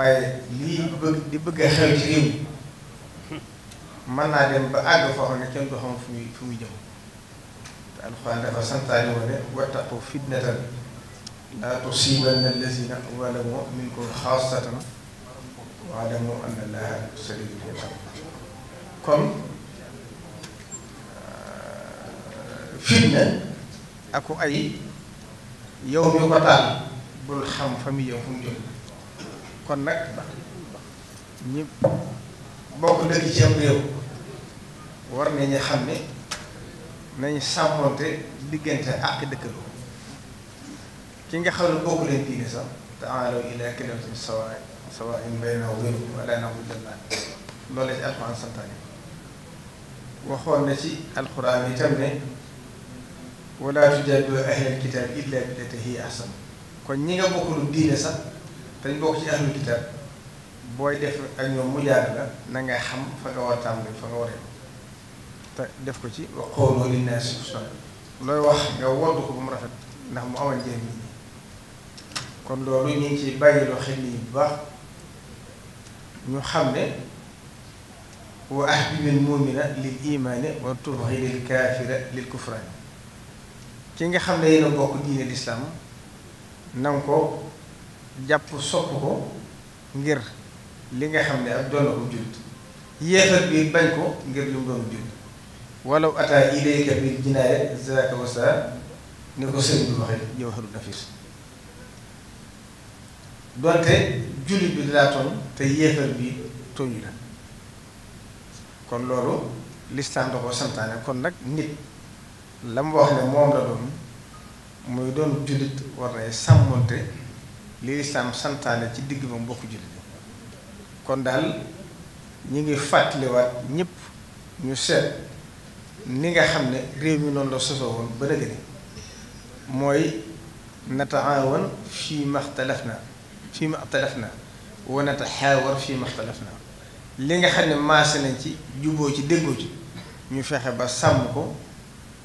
waaye lii bëgg di bëgg a xew ci réew hmm. mën naa dem ba àgg foo xam kenn du fu muy fu muy jëm te alxuraan dafa santaane woon ne wattaqu fitnatan laa tusiibanna allaziina zalamu minkum xaassatan wa'lamu anna llaaha shadiidul iqaab kon euh, fitna ak ay yow mi ko taal bul xam fa muy jëm fu kon nag ñi bokk dëkk ci am réew war nañu xam ne nañu sàmmoonte diggante ak dëkkandoo ki nga xam ne bokk leen diine sax taalaw ilaa kalimatin sawa sawaa'in baynanaa wa baynakum allaa na'buda illaa loolu la ci alxuraan santaane waxoon na ci alxuraan itam ne walaa tujaadilu ahlal kitaabi illaa billatii hiya ahsan kon ñi nga bokkul diine sax te ñu bokk ci ahlul kitaab booy def ak ñoom mujaadala la na xam fa nga war a fa nga war te def ko ci wa qawlu linnaasi husnaa looy wax nga woddu ko ba mu rafet ndax mu amal njëriñ nit kon loolu ñu ngi ciy bàyyiloo xel yi bu baax ñu xam ne wa ahbibil mu'mina lil imaani wa tubghidil kaafira lil kufraani ki nga xam ne yéen a bokk diine lislaam na ko jàpp sopp ko ngir li nga xam ne ak doon na ko jullit yéefar bi bañ ko ngir li mu doon jullit walaw ataa ilayka bil jinaaya zaaka wasa ni ko sëriñ bi waxee jawharul nafis donte jullit bi dalaa tooñ te yéefar bi tooñu la kon loolu listaan da ko santaane kon nag nit la mu wax ne moom la doon muy doon jullit war nay sàmmonte li lislaam santaane ci digg ba mbokk jullit kon daal ñu ngi fàttaliwaat ñëpp ñu seet ni nga xam ne réew mi noonu la sosoo woon ba nëgëni mooy nataawan fii maxtalaf na fii maxtalaf na wa nataxaawar fii maxtalaf na li nga xam ne maase nañ ci juboo ci déggoo ci ñu fexe ba sàmm ko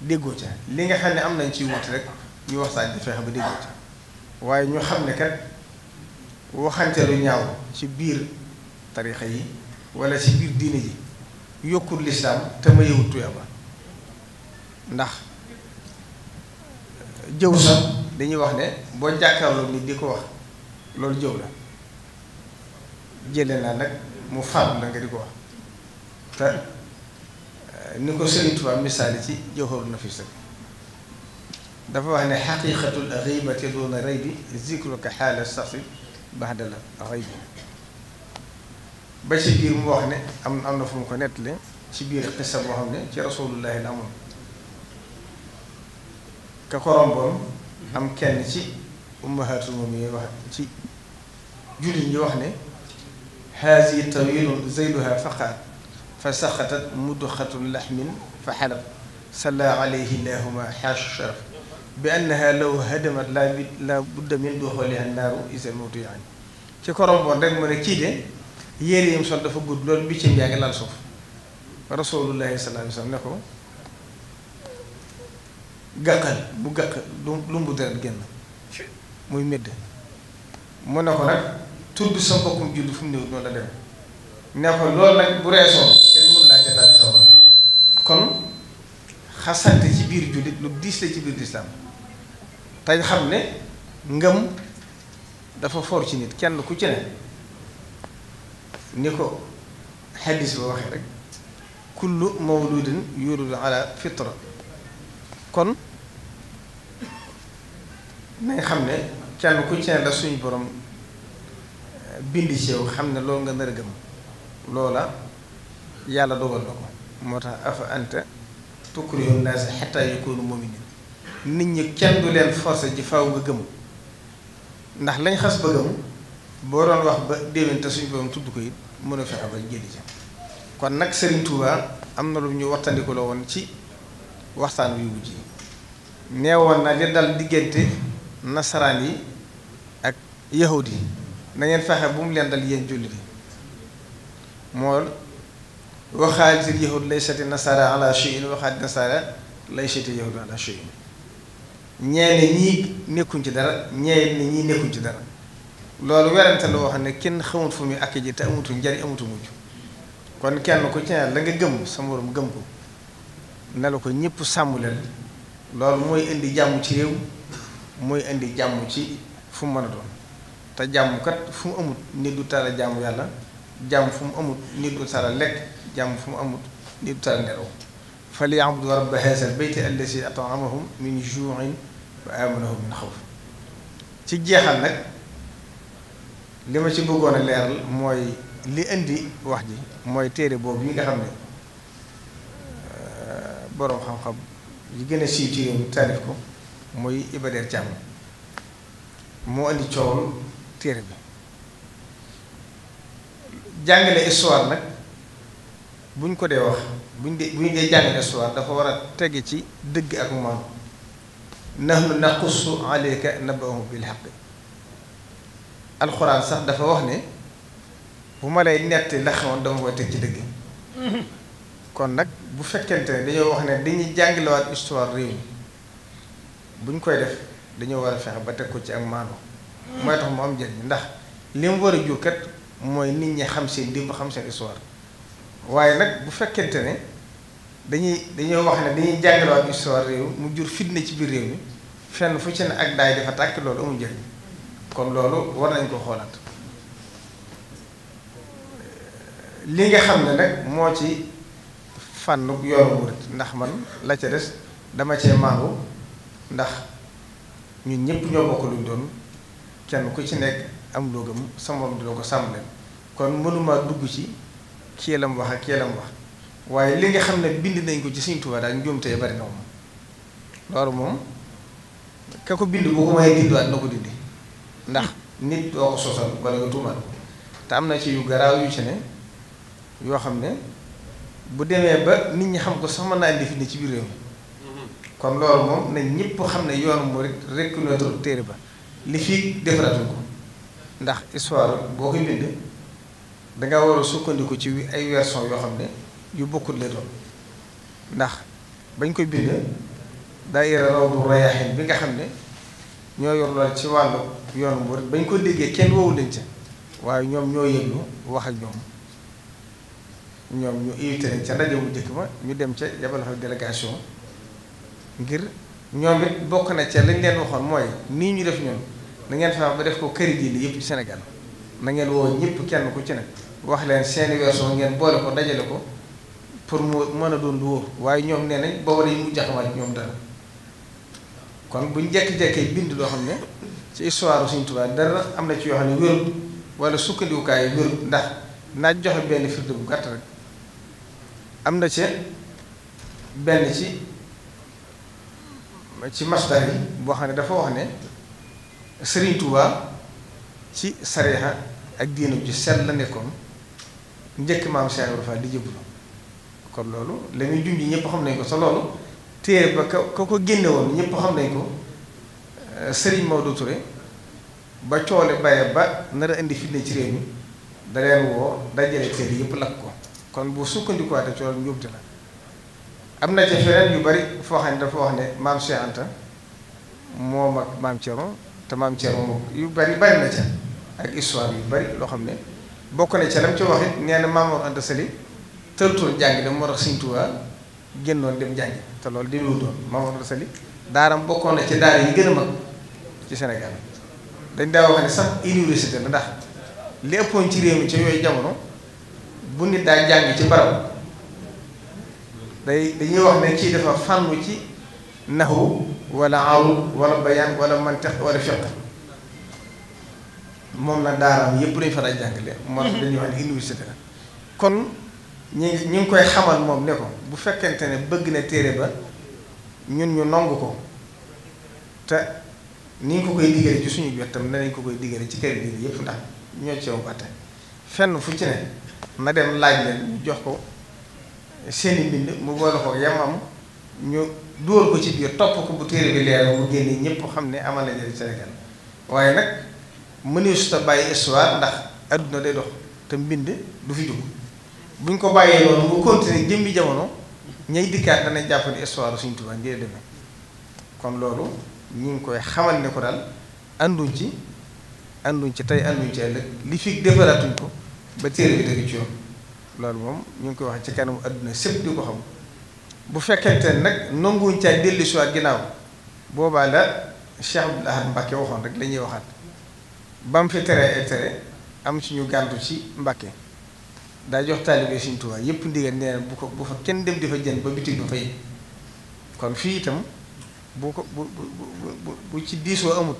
déggoo ca li nga xam ne am nañ ci wut rek ñu waxtaan di fexe ba déggoo ca waaye ñu xam ne kat waxante lu ñaaw ci biir tarixa yi wala ci biir diine ji yokkul lislaam te ma yëwut tuyaaba ndax jëw sax dañuy wax ne boo jàkkaarloo nit di ko wax loolu jëw la jële naa nag mu faam la nga di ko wax te eh, ni ko Sëriñ Tuubaa misaali ci jëwxaru nafis rek dafa wax ne xaqiqatul ribati duna raybi zikruka xaala saxsi baxda la raybi ba ci biir mu wax ne am am na fu mu ko ci biir xisa boo xam ne ci rasulullahi la amoon ka koromboon am kenn ci ummahatul muminin wax ci jullit ñi wax ne haasi tawilun zeyduha faqaat fa saxatat mudxatu laxmin fa xalab salla alayhi llahuma sharaf bi annaha law hadamat la bi la budda min duxooliha naaru isa mawtu yaani ci koromboon rek mu ne kii de yére yim sol dafa gudd loolu bi ci yaa ngi laal suuf rasulullahi sallallahu ne ko gàqal bu gàq lu mbu deret génn muy médd mu ne ko nag tudd sa mbokkum julli fu mu néew noonu la dem ne ko loolu nag bu reesoo kenn mun laa jataat kon xasante ci biir jullit lu diis ci biir lislaam tey xam ne ngëm dafa for ci nit kenn ku ci ne ni ko xaddis ba waxee rek kullu mawludin yuladu ala fitra kon nañ xam ne kenn ku ci ne la suñu borom eh, bindi ci yow xam ne lool nga nar a gëm loola yàlla dogal na ko moo tax afa anta tukrihu naasa xatta yakunu muminin nit ñi kenn du leen forcé ci faw nga gëm ndax lañ xas ba gëm boo doon wax ba déwén te suñ borom tudd ko it mën a jëli ca kon nag Serigne Touba am na lu ñu waxtandiku la woon ci waxtaan wi wujj yi neewoon na li dal diggante nasaraan yi ak yahud yi na ngeen fexe bu mu leen dal yéen jullit yi mool waxaalitil yahud lay nasara ala shay'in waxaalitil nasara laysati yahud ala shay'in ñee ñii nekkuñ ci dara ñee ne ñii nekkuñ ci dara loolu werante la woo xam ne kenn xamut fu muy ak ji te amutu njariñ amutu mujj kon kenn ku ci ne la nga gëm sa morom gëm ko ne ko ñëpp sàmm loolu mooy indi jàmm ci réew mooy indi jàmm ci fu mu mën a doon te jàmm kat fu mu amut nit du tala jàmm yàlla jàmm fu mu amut nit du tala lekk jàmm fu mu amut nit du tala nelaw falya'budu rabba haazal bayti allazi at'amahum min juu'in wa aamanahum min xawf ci jeexal nag li ma ci bëggoon leeral mooy li indi wax ji mooy téere boobu yi nga xam ne euh, boroom xam-xam yi gën a siiw ci réew mi taalif ko muy Iba Der moo indi coowal téere bi jàngale histoire nag buñ ko dee wax buñ dee buñ dee jàng histoire dafa war a tege ci dëgg ak maanu nahnu naqussu alayka nabahum bil bi alxuraan sax dafa wax ne bu ma lay nett la xamoon dama koy teg ci dëgg kon nag bu fekkente ne dañoo wax ne dañuy jàngalewaat histoire réew mi buñ koy def dañoo war a fexe ba teg ko ci ak maanu mooy tax mu am njëriñ ndax li mu war a jur mooy nit ñi xam seen démb xam seen histoire waaye nag bu fekkente ne dañuy dañoo wax ne dañuy jàngalewaat histoire réew mu jur fitna ci biir réew mi fenn fu ci ne ak daay dafa tàkk loolu amul njëriñ kon loolu war nañ ko xoolaat li nga xam ne nag moo ci fànn yoonu murit ndax man la ca des dama cee màngu ndax ñun ñëpp ñoo bokk luñ doon kenn ku ci nekk am loo gëm sama moom dina ko sàmm leen kon mënuma dugg ci kii la mu wax ak kii la wax waaye li nga xam ne bind nañ ko ci Sëriñ Tuubaa daal njuumte ya bari na moom loolu moom ka ko bind boo ko may dindiwaat na ko dindi ndax nit doo ko sosal wala nga tuumaat te am na ci yu garaaw yu ci ne yoo xam ne bu demee ba nit ñi xam ko sax mën naa indi fi ci biir réew mi kon loolu moom nañ ñëpp xam ne yoonu mu rek reconnaître téere ba li fii defaraatuñ ko ndax histoire boo koy bind danga war a sukkandiku ci ay version yoo xam ne yu bokkul lay doon ndax bañ koy bind daayira Rawdu Rayaahiin bi nga xam ne ñoo yor lool ci wàllu yoonu murid bañ ko liggéey kenn wowu leen ca waaye ñoom ñoo yëglu wax ak ñoom ñoom ñu invité leen ca ndaje mu njëkk ma ñu dem ca yabal fa délégation ngir ñoom it bokk na ca lañ leen waxoon mooy nii ñu def ñoom na ngeen fa ba def ko kër ji li yëpp ci Sénégal na ngeen woo ñëpp kenn ku ci nekk wax leen seeni version ngeen boole ko dajale ko pour mu mën a doon lu waaye ñoom nee nañ booba dañu mujj xamaat ñoom dara kon buñ jekki-jekkee bind loo xam ne ci histoire Sëriñ dara am na ci yoo xam ne wala sukkandikukaay yi ndax naaj joxe benn firnde bu gàtt am na ci benn ci ci mastar boo xam ne dafa ne Sëriñ Tuubaa ci sareexa ak diinu ji seet la nekkoon njëkk maam Cheikh Ibra Fall di jëblu kon loolu lañuy ñuy junj ñëpp xam nañ ko sa loolu téere ba ka ka ko génne woon ñëpp xam nañ ko euh, Serigne Maodo Touré ba coole baye ba nar a indi fitna ci réew mi da leen woo dajale téere yëpp lakk ko kon bu sukkandikuwaatee coole njuumte la am na ca feneen yu bari foo xam ne dafa wax ne maam Cheikh Anta moom ak maam Thierno te maam yu bari bari na ca ak histoire yu bari loo xam ne. bokk na ca lam ci wax it nee na Mamour Anta Sali tërtoon jàng dem moo tax Sëñ Tuubaa génnoon dem jàngi te loolu di lu doon Mamour Anta Sali daaram bokkoon na ci daara yi gën a mag ci Sénégal dañ daa wax ne sax université la ndax li ëppoon ci réew mi ca yooyu jamono bu nit daa jàng ci barab day dañuy wax ne kii dafa fànnu ci naxu wala aw wala bayaan wala mantiq wala fiqh moom la daaraam yëpp dañu fa daa jàngale moo tax dañuy wax ne université kon ñu ngi ñu ngi koy xamal moom ne ko bu fekkente ne bëgg na téere ba ñun ñu nongu ko te ni ñu ko koy diggale ci suñu jot tam danañ ko koy diggale ci kër gi yépp ndax ñoo ci wu atte fenn fu ci ne na dem laaj leen jox ko seeni mbind mu boole ko yamam ñu dóor ko ci biir topp ko bu téere bi leer mu génne ñëpp xam ne amal na njëriñ Sénégal waaye nag. mëneesu ta bàyyi histoire ndax adduna day dox te mbind du fi jóg buñ ko bàyyee noonu mu continuer jamono ñay dikkaat dana jàpp ne histoire suñu Tuubaa ngir loolu ñu ngi koy xamal ne ko daal ànduñ ci ànduñ ci tey ànduñ ci li fi defaraatuñ ko ba téere bi tegu ci yoon loolu moom ñu ngi koy wax ci kanamu àdduna sépp di ko xam bu fekkente ne nag nanguwuñ ca dellu si waat ginnaaw boobaa la Cheikh Abdoul Ahad waxoon rek la waxaat. ba mu fi teree ay tere am ci ñu gàntu ci Mbàkke daa jox taalibe Sëriñ Tuubaa yépp ndigal nee bu ko bu fa kenn dem di fa jën ba bitig ba fay kon fii itam bu ko bu bu bu ci diisoo amut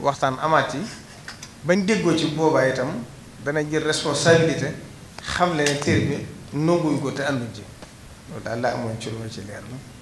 waxtaan amaat yi bañ déggoo ci boobaa itam dana jël responsabilité xam le ne téere bi nanguñ ko te ànduñ ci loolu laa amoon ci lu ma ci leer la